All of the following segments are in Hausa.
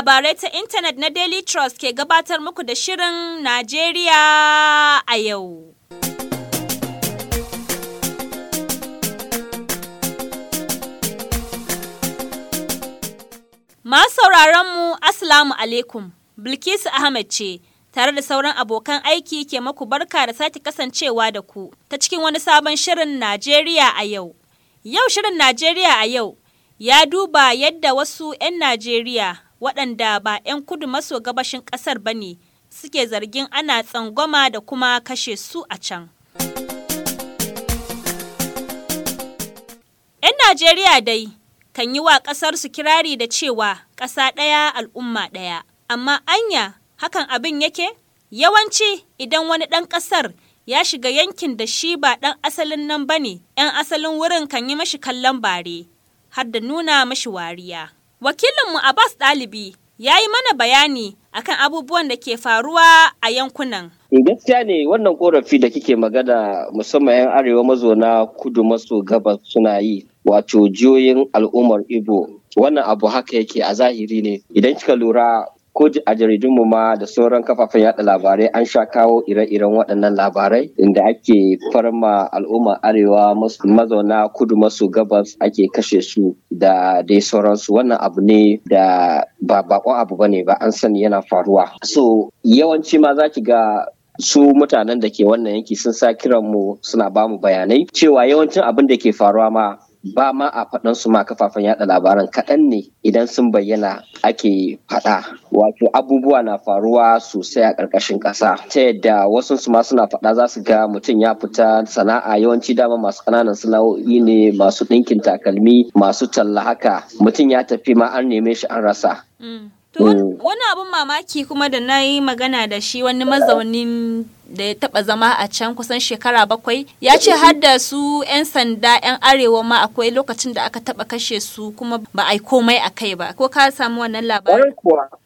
labarai ta intanet na Daily Trust ke gabatar muku da Shirin Najeriya a yau. Masu sauraron mu Assalamu alaikum, Bilkisu Ahmed ce, tare da sauran abokan aiki ke maku barka da sake kasancewa da ku ta cikin wani sabon shirin Najeriya a yau. Yau shirin Najeriya a yau ya duba yadda wasu 'yan Najeriya waɗanda ba 'yan kudu maso gabashin ƙasar ba ne suke zargin ana tsangwama da kuma kashe su a can. 'Yan Najeriya dai kan yi wa ƙasarsu kirari da cewa ƙasa ɗaya al'umma ɗaya, amma anya hakan abin yake? Yawanci idan wani ɗan ƙasar ya shiga yankin da shi ba ɗan asalin nan ba ne, ‘yan asalin wurin kan yi mashi kallon bare, har da nuna mashi wariya. Wakilinmu Abbas Ɗalibi ya yi mana bayani akan abubuwan da ke faruwa a yankunan. Eh, gaskiya ne wannan korafi da kike magana musamman 'yan arewa mazauna kudu maso gabas suna yi wato jiyoyin al'ummar Igbo. Wannan abu haka yake a zahiri ne. Idan kika lura ko a jaridun mu ma da sauran kafafen yada labarai an sha kawo ire-iren waɗannan labarai inda ake farma al'ummar arewa mazauna kudu maso gabas ake kashe su da dai sauransu wannan abu ne da ba bakon abu bane ba an sani yana faruwa so yawanci ma za ki ga su mutanen da ke wannan yanki sun sa kiran mu suna bamu bayanai cewa yawancin abin da ke faruwa ma ba ma a faɗan su ma kafafen yaɗa labaran kaɗan ne idan sun bayyana ake faɗa wato abubuwa na faruwa sosai a ƙarƙashin ƙasa ta yadda wasu su ma suna faɗa za su ga mutum ya fita sana'a yawanci dama masu ƙananan sana'o'i ne masu ɗinkin takalmi masu talla haka mutum ya tafi ma an neme shi an rasa mm. To mm. wani abin mamaki kuma da na yi magana da shi wani mazaunin da ya taba zama a can kusan shekara bakwai ya ce har da su 'yan sanda 'yan arewa ma akwai lokacin da aka taba kashe su kuma ba a yi komai a kai ba ko ka samu wannan labarin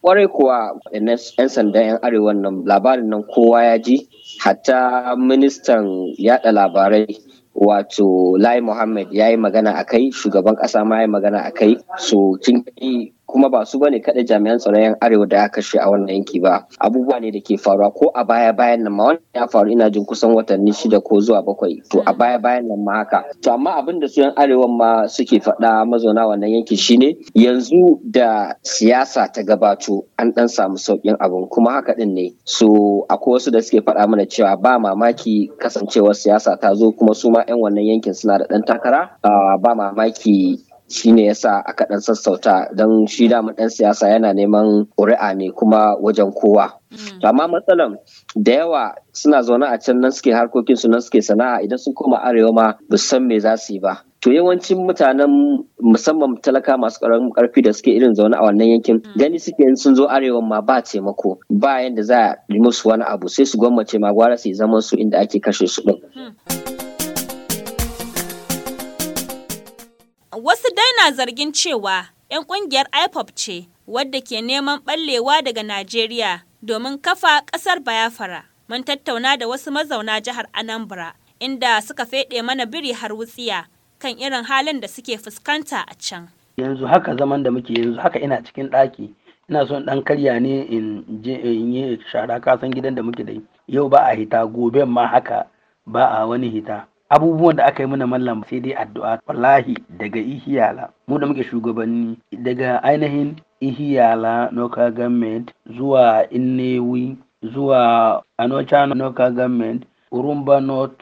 kwarai kuwa 'yan sanda 'yan arewa nan labarin nan kowa ya ji hatta ministan yada labarai wato lai muhammad ya yi magana a kai shugaban kasa ma ya yi magana a kai so kin kuma ba su bane kada jami'an tsaron yan arewa da ya kashe a wannan yanki ba abubuwa ne da ke faruwa ko a baya bayan nan ma wannan ya faru ina jin kusan watanni shida ko zuwa bakwai to a baya bayan nan ma haka to amma abin da su yan arewa ma suke faɗa mazauna wannan yanki shine yanzu da siyasa ta gabato an dan samu sauƙin abin kuma haka din ne so akwai wasu da suke faɗa mana cewa ba mamaki kasancewar siyasa ta zo kuma su ma yan wannan yankin suna da ɗan takara ah, ba mamaki shi ne ya sa aka dan sassauta don shi dama dan siyasa yana neman ƙuri'a ne kuma wajen kowa mm. amma matsalan da yawa suna zaune a can nan suke harkokin su nan suke sana'a idan sun koma arewa ma ba san me za su yi ba to yawancin mutanen musamman talaka masu ƙaramin karfi da suke irin zaune a wannan yankin mm. gani suke sun zo arewa ma ba taimako ba yanda za a yi musu wani abu sai su gwammace ma gwara su yi zaman su inda ake kashe su ɗin. Hmm. Wasu dai na zargin cewa 'yan kungiyar ipop ce wadda ke neman ɓallewa daga Najeriya domin kafa ƙasar bayafara Mun tattauna da wasu mazauna jihar Anambra inda suka feɗe mana biri har wutsiya kan irin halin da suke fuskanta a can. Yanzu haka zaman da muke yanzu haka ina cikin ɗaki ina son ɗan karya ne in je in yi shara kasan gidan da muke da yau ba a hita gobe ma haka ba a wani hita abubuwan da aka yi mana mallam sai dai addu'a wallahi daga ihiyala mu da muke shugabanni daga ainihin ihiyala local government zuwa innewi zuwa anocha local government urumba north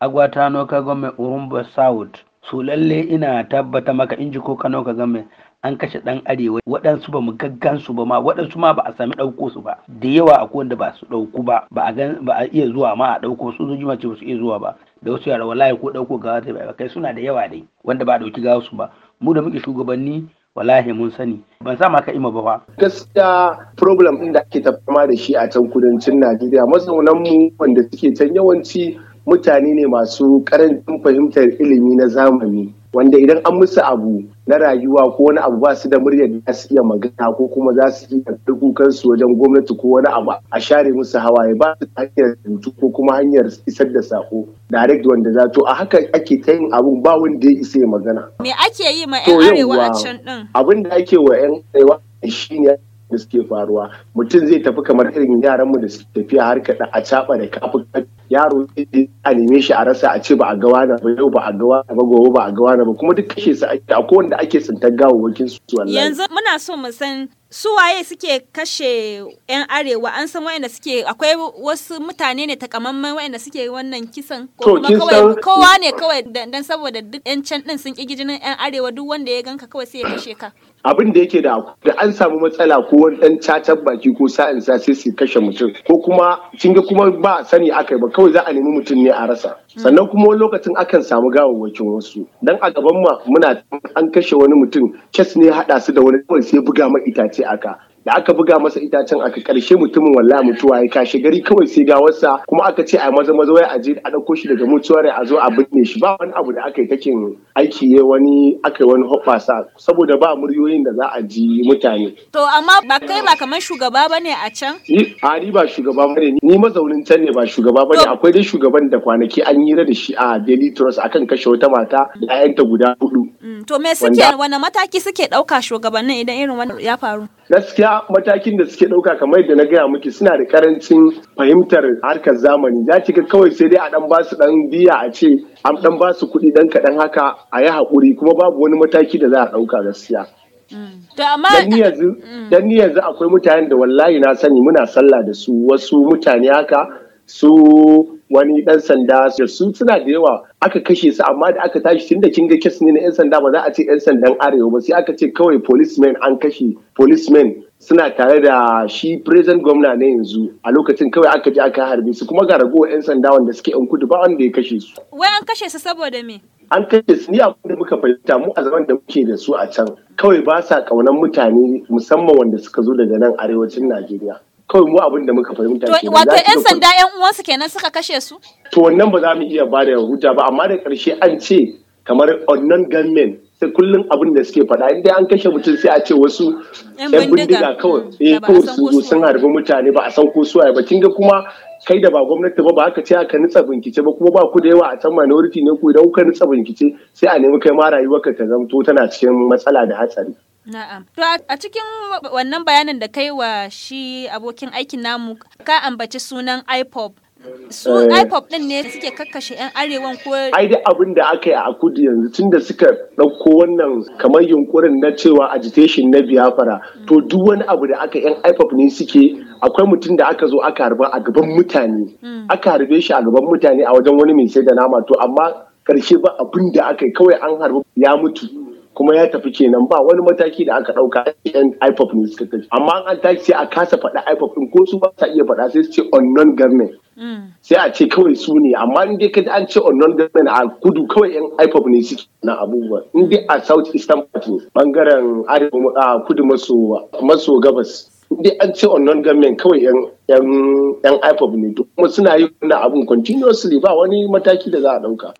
agwata local government urumba south su lalle ina tabbata maka in ji ko ka local government an kashe ɗan arewa waɗansu ba mu gaggansu ba ma waɗansu ma ba a sami ɗauko su ba da yawa akwai wanda ba su ɗauku ba ba a iya zuwa ma a ɗauko su zuji ce ba su iya zuwa ba da wasu yara wallahi ko ɗauko gawa ta ba kai suna da yawa dai wanda ba a ɗauki gawa su ba mu da muke shugabanni wallahi mun sani ban sa maka ima ba fa gaskiya problem din da ake tafama da shi a can kudancin Najeriya mazaunan mu wanda suke can yawanci mutane ne masu karancin fahimtar ilimi na zamani wanda idan an musu abu na rayuwa ko wani abu ba su da muryar da su iya magana ko kuma za su iya dukkan kansu wajen gwamnati ko wani abu a share musu hawaye ba su hanyar rubutu ko kuma hanyar isar da sako direct wanda za to a haka ake ta yin abun ba wanda ya isa ya magana. Me ake yi ma 'yan arewa a can din Abin da ake wa 'yan arewa shine da suke faruwa mutum zai tafi kamar irin yaran mu da su tafiya har kaɗa a caɓa da kafin yaro a neme shi a rasa a ce ba a ga wani ba yau ba a ga wani ba gobe ba a ga wani ba kuma duk kashe su ake a wanda ake tsintar gawawwakin su wallahi yanzu muna so mu san su waye suke kashe yan arewa an san wayanda suke akwai wasu mutane ne takamaiman wayanda suke wannan kisan ko kuma kowa ne kawai dan saboda duk yan can din sun ƙi jinin yan arewa duk wanda ya ganka kawai sai ya kashe ka abin da yake da da an samu matsala ko wani dan cacar baki ko sa'in sa sai su kashe mutum ko kuma kin ga kuma ba sani akai ba kawai za a nemi mutum ne a rasa hmm. sannan kuma wani lokacin akan samu gawawwakin wasu dan a gaban ma muna an kashe wani mutum kes ne hada su da wani kawai sai buga ma itace aka da aka buga masa itacen aka karshe mutumin wallahi mutuwa ya kashe gari kawai sai ga wasa kuma aka ce a maza maza wai a je a dauko shi daga mutuwar a zo a binne shi ba wani abu da aka yi takin aiki ya wani aka yi wani hoɓasa saboda ba muryoyin da za a ji mutane. To amma ba kai ba kamar shugaba ba a can? Ni a ni ba shugaba ba ni mazaunin can ne ba shugaba ba ne akwai dai shugaban da kwanaki an yi da shi a Daily Trust akan kashe wata mata da 'ya'yanta guda hudu. To me suke wani mataki suke ɗauka shugabannin idan irin wannan ya faru? Gaskiya matakin da suke ɗauka kamar yadda na gaya miki suna da karancin fahimtar harkar zamani. Ya ga kawai sai dai a ɗan basu ɗan biya a ce an ɗan basu kuɗi ɗan kaɗan haka a yi haƙuri kuma babu wani mataki da za a ɗauka gaskiya. Mm. Mm. Dan ni yanzu akwai mutanen da wallahi na sani muna sallah da su wasu mutane haka su wani dan sanda da su suna da yawa aka kashe su amma da aka tashi tun da kin ga kes ne na yan sanda ba za a ce yan sandan arewa ba sai aka ce kawai policemen an kashe policemen suna tare da shi present gwamna na yanzu a lokacin kawai aka ji aka harbe su kuma ga ragowar 'yan sanda wanda suke yan kudu ba wanda ya kashe su. Wai an kashe su saboda me? An kashe su ni abin da muka fahimta mu a zaman da muke da su a can kawai ba sa kaunan mutane musamman wanda suka zo daga nan arewacin Najeriya. kawai mu abin da muka fahimta ke wato yan sanda yan uwansu kenan suka kashe su to wannan ba za mu iya bada da hujja ba amma da karshe an ce kamar onnan gunmen sai kullum abin da suke faɗa inda an kashe mutum sai a ce wasu yan bindiga kawai mm, eh kawai su zo sun harbi mutane ba a san ko suwaye ba kin ga kuma kai da ba gwamnati ba ba haka ce aka nitsa binkice ba kuma ba ku da yawa a can minority ne ku idan kuka nitsa binkice sai a nemi kai ma rayuwarka ta zamto tana cikin matsala da hatsari Na'am. To a cikin wannan bayanin da kai wa shi abokin aikin namu ka ambaci sunan IPOP. su eh. ipop din ne suke kakkashe 'yan arewan ko ai da abin da aka yi a kudu yanzu tun da suka ɗauko wannan kamar yunkurin na cewa agitation na biyafara to duk wani abu da aka 'yan ipop ne suke akwai mutum da aka zo aka harba a gaban mutane hmm. aka harbe shi a gaban mutane a wajen wani mai sai da nama to amma karshe ba abin da aka yi kawai an harba ya mutu kuma ya tafi kenan ba wani mataki da aka ɗauka yan ipop ne suka tafi amma an tashi sai a kasa faɗa ipop ɗin ko su ba sa iya faɗa sai su ce unknown government mm. sai a ce kawai su ne amma in dai kaji an ce unknown government a kudu kawai yan ipop ne suke na abubuwa in dai a south eastern part ne bangaren arewa kudu maso gabas In dai an ce unknown government kawai yan yan ipop ne kuma suna yi wannan abun continuously ba wani mataki da za a ɗauka.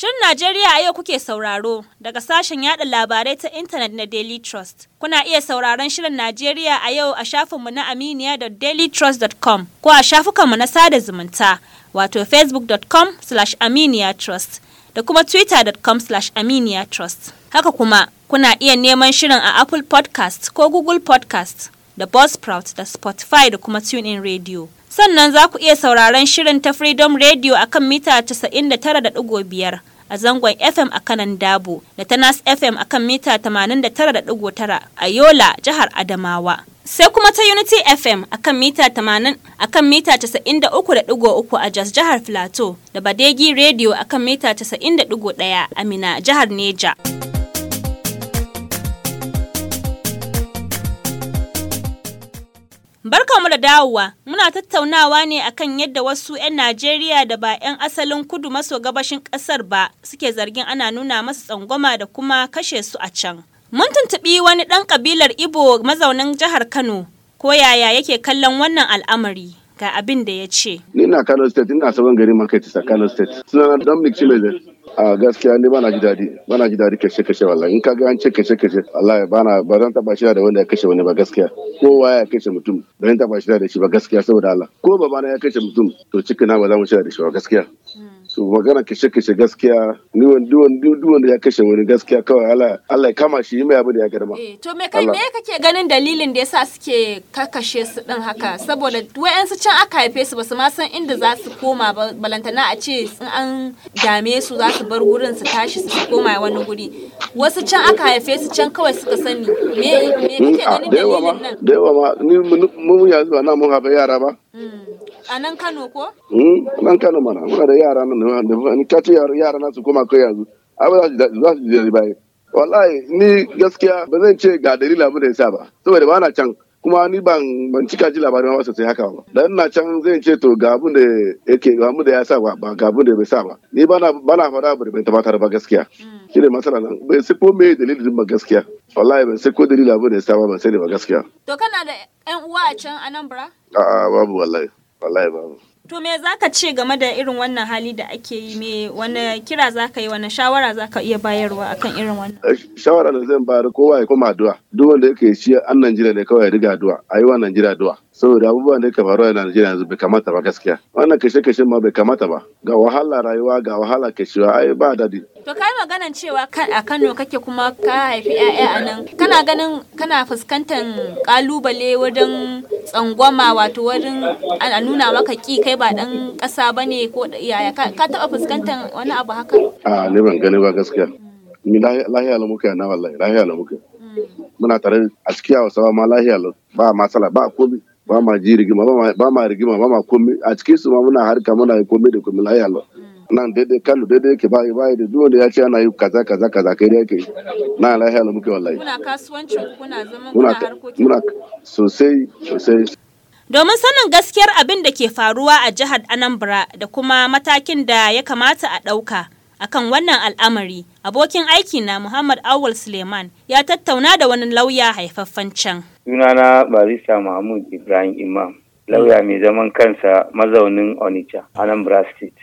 Shirin Najeriya a yau kuke sauraro daga sashen yada labarai ta intanet na Daily Trust. Kuna iya sauraron Shirin Najeriya a yau a shafinmu na aminiya da dailytrust.com ko a shafukanmu na sada zumunta wato facebook.com slash aminiyatrust da kuma twitter.com slash aminiyatrust. Haka kuma kuna iya neman shirin a Apple podcast ko Google podcast da Buzzsprout da Spotify da kuma TuneIn Radio. Sannan za ku iya sauraron shirin ta Freedom Radio a kan mita 99.5 a zangon FM a kanan Dabo da ta Nas FM a kan mita 89.9 a Yola, jihar Adamawa. Sai kuma ta Unity FM a kan mita 80 a kan mita 93.3 a Jos jihar Filato da Badegi Radio a kan mita 91.1 a Mina jihar Neja. da dawowa muna tattaunawa ne akan yadda wasu 'yan Najeriya da ba 'yan asalin kudu maso gabashin ƙasar ba suke zargin ana nuna masu tsangwama da kuma kashe su a can. Mun tuntuɓi wani ɗan ƙabilar Ibo mazaunin jihar Kano ko yaya yake kallon wannan al'amari. ga abin da ya ce. Ni na Kano State, ina sabon gari Market, Kano State. Suna na Dominic Mezen. a gaskiya ne bana ji dadi bana ji dadi kashe kashe wallahi in ga an ce kashe kashe wallahi bana ba zan taba shi da wanda ya kashe wani ba gaskiya kowa ya kashe mutum ba zan taba shi da shi ba gaskiya saboda Allah ko babana ya kashe mutum to cikina ba za mu shi da shi ba gaskiya su magana kashe kashe gaskiya ni da ya kashe wani gaskiya kawai Allah ya kama shi yi mai abu da ya girma eh, to me kai me kake ganin dalilin da yasa suke kakashe su din haka saboda wayansu can aka haife su basu ma san inda za su koma ba balantana a ce in an dame su za su bar gurin su tashi su koma wani guri wasu can aka haife su can kawai suka sani me me kake hmm, ah, ganin dalilin nan da yawa ma ni mun yanzu ana mun haɓe yara ba hmm. a nan Kano ko? Hmm, nan Kano mana muna da yara nan da ka ce yara na su koma kai yanzu abu za su za su je bai. wallahi ni gaskiya ba zan ce ga dalila abin da yasa ba saboda ba na can kuma ni ban ban cika ji labarin ba sosai haka ba dan na can zan ce to ga abun da yake ga abin da yasa sa ba ga abun da bai sa ba ni ba na ba na fara abu ban tabbatar ba gaskiya hmm. shi ne masala nan bai sai ko me dalilin ba gaskiya wallahi ban sai ko dalila ba da yasa ba ban sai ba gaskiya to kana da ƴan uwa a can a nan bra a'a babu wallahi wallahi to me zaka ce game da irin wannan hali da ake yi me wani kira zaka yi wani shawara zaka iya bayarwa akan irin wannan eh, shawara da zan bayar kowa ya koma addu'a duk wanda yake ci an Najeriya ne kawai ya riga addu'a ayi wa Najeriya addu'a saboda abubuwan da ke faru a Najeriya yanzu bai kamata ba gaskiya wannan kashe-kashe ma bai kamata ba ga wahala rayuwa ga wahala kashewa ai ba dadi to kai maganan cewa kan a Kano kake kuma ka haifi ƴaƴa a nan kana ganin kana fuskantar kalubale wajen tsangwama wato wajen a nuna maka ki kai ba dan ƙasa bane ko yaya ka taɓa fuskantar wani abu haka a ne ban gani ba gaskiya ni lahiya la muka na wallahi lahiya la muka. Mm. muna tare a cikin hausawa ma lahiya ba matsala ba komai ba ma ji rigima ba ma rigima ba ma komi a cikin su ma muna harka muna yi komai da komai lahiya Allah mm. nan daidai kano daidai yake bayi bayi da duwanda ya ce ana yi kaza kaza kaza kai yake yi na lahiya Allah muke wallahi muna kasuwancin kuna muna sosai sosai domin sanin gaskiyar abin da ke faruwa a jihar Anambra da kuma matakin da ya kamata a ɗauka akan wannan al'amari Abokin aiki na Muhammad Awul Suleiman ya tattauna da wani lauya haifaffen can. Sunana Barista Mahmud Ibrahim Imam, lauya mai zaman kansa mazaunin Onitsha, Anambra State.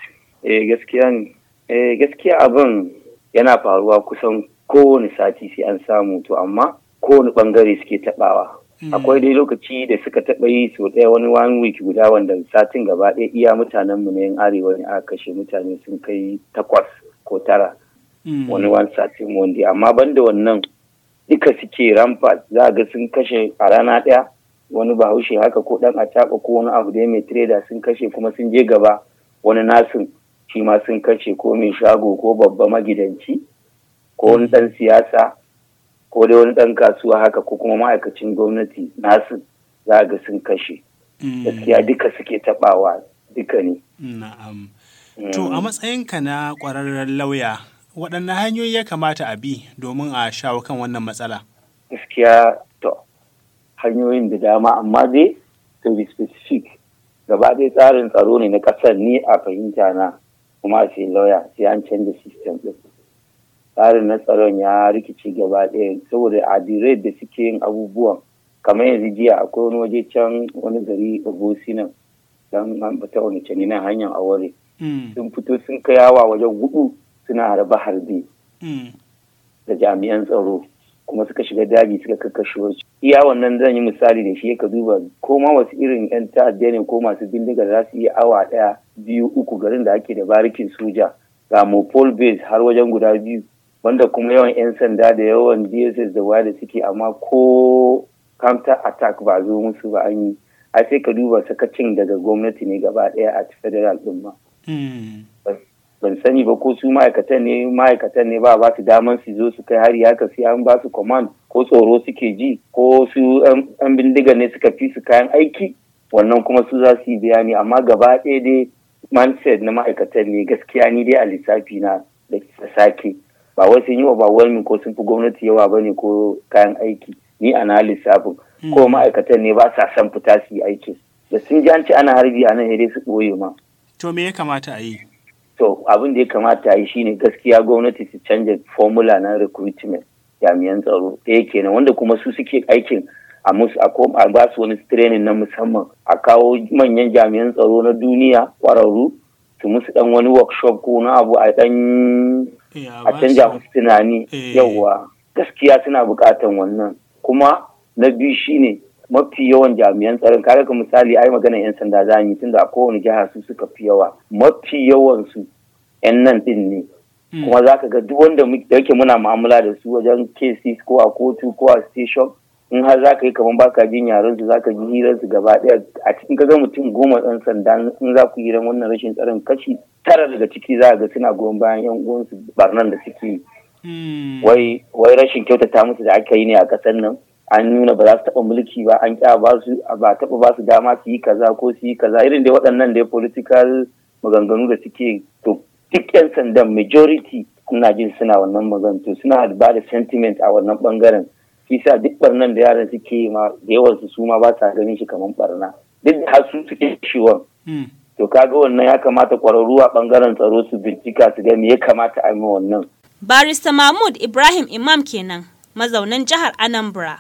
Eh gaskiya ne. Eh gaskiya abin yana faruwa kusan kowane sati sai an samu to amma kowane bangare suke taɓawa. Hmm. akwai dai lokaci da suka taɓa yi sau ɗaya wani wani wiki guda wanda satin gaba ɗaya iya mutanenmu na yin arewa ne aka kashe mutane sun kai takwas ko tara Hmm. wani wani satin wani amma banda wannan duka suke rampa za ga sun kashe a rana ɗaya wani bahaushe haka ko dan ataba ko wani abu da mai trader sun kashe kuma sun je gaba wani nasin shi ma sun kashe ko mai shago ko babba magidanci ko wani dan hmm. siyasa ko dai wani dan kasuwa haka ko kuma ma'aikacin gwamnati nasin za ga sun kashe hmm. gaskiya duka suke tabawa duka ne na'am to a matsayinka na kwararren lauya waɗanne hanyoyi ya kamata a bi domin a shawo kan wannan matsala? Gaskiya to hanyoyin da dama amma dai to be specific gaba dai tsarin tsaro ne na ƙasar ni a fahimta na kuma a ce lauya sai an canza system ɗin. Tsarin na tsaron ya rikici gaba ɗaya saboda a da suke yin abubuwan kamar yanzu jiya akwai wani waje can wani gari Obosi nan dan an fita wani can hanyar aure hmm. Sun fito sun kai yawa wajen gudu suna harbe harbi hmm. da jami'an tsaro kuma suka shiga daji suka kakkashe wasu iya wannan zan yi misali da shi ka duba ko wasu irin yan ta'adda ne ko masu bindiga za su yi awa ɗaya biyu uku garin da ake da barikin soja ga mopol base har wajen guda biyu wanda kuma yawan yan sanda da yawan dss da waya suke amma ko counter attack ba zo musu ba an yi a sai ka duba sakacin daga gwamnati ne gaba ɗaya a federal ɗin ma. Hmm. ban sani ba ko su ma'aikatan ne ma'aikatan ne ba ba su daman su zo su kai hari haka sai an ba su command ko tsoro suke ji ko su an bindiga ne suka fi su kayan aiki wannan kuma su za su yi bayani amma gaba ɗaya dai mindset na ma'aikatan ne gaskiya ni dai a lissafi na da sake ba wai sun yi wani ko sun fi gwamnati yawa ba ne ko kayan aiki ni ana lissafin hmm. ko ma'aikatan ne ba sa san fita su yi aikin da sun ji an ci ana harbi a nan dai su ɓoye ma. to me ya kamata a yi. to abin da ya kamata yi shine gaskiya gwamnati su canja formula na recruitment jami'an tsaro ɗaya kenan wanda kuma su suke aikin a musu a ba su wani training na musamman a kawo manyan jami'an tsaro na duniya kwararru, su musu dan wani workshop ko na abu a dan eh, a canja musu tunani eh. yawwa gaskiya suna buƙatan wannan kuma na biyu shine mafi yawan jami'an tsaron kare ka misali ai magana yan sanda za mu tunda a kowane jiha su suka fi yawa mafi yawan su yan nan din ne hmm. kuma za ka ga duk wanda yake muna mu'amala da su wajen cases ko a kotu ko a station in har za ka yi kamar baka jin yaren su za ka ji hirar su gaba daya a cikin ka ga mutum goma ɗan sanda in za ku hirar wannan rashin tsaron kashi tara daga ciki za ga suna goyon bayan yan uwansu barnan da suke hmm. wai rashin kyautata musu da aka yi ne a ƙasar nan an nuna ba za su taɓa mulki ba an kya ba su ba taɓa ba su dama su yi kaza ko su yi kaza irin dai waɗannan dai political maganganu da suke to duk 'yan sandan majority suna jin suna wannan maganganu suna ba da sentiment a wannan bangaren shi sa duk barnan da yaran suke ma da yawan su su ma ba sa ganin shi kamar barna duk da su suke shiwon. Hmm. to kaga wannan ya kamata kwararru a bangaren tsaro su bincika su ga me ya kamata a yi wannan barista mahmud ibrahim imam kenan mazaunan jihar anambra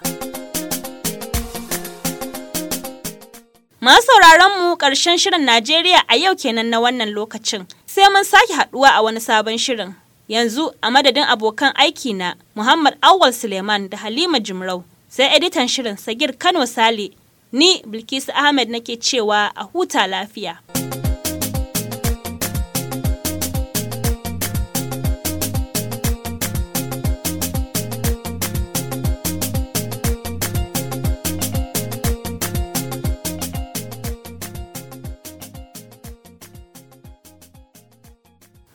Masu sauraron mu ƙarshen shirin Najeriya a yau kenan na wannan lokacin. Sai mun sake haɗuwa a wani sabon shirin. Yanzu a madadin abokan aiki na Muhammad Awal Suleiman da Halima Jimrau sai editan shirin Sagir Kano Sale ni Bilkisu Ahmed nake cewa a huta lafiya.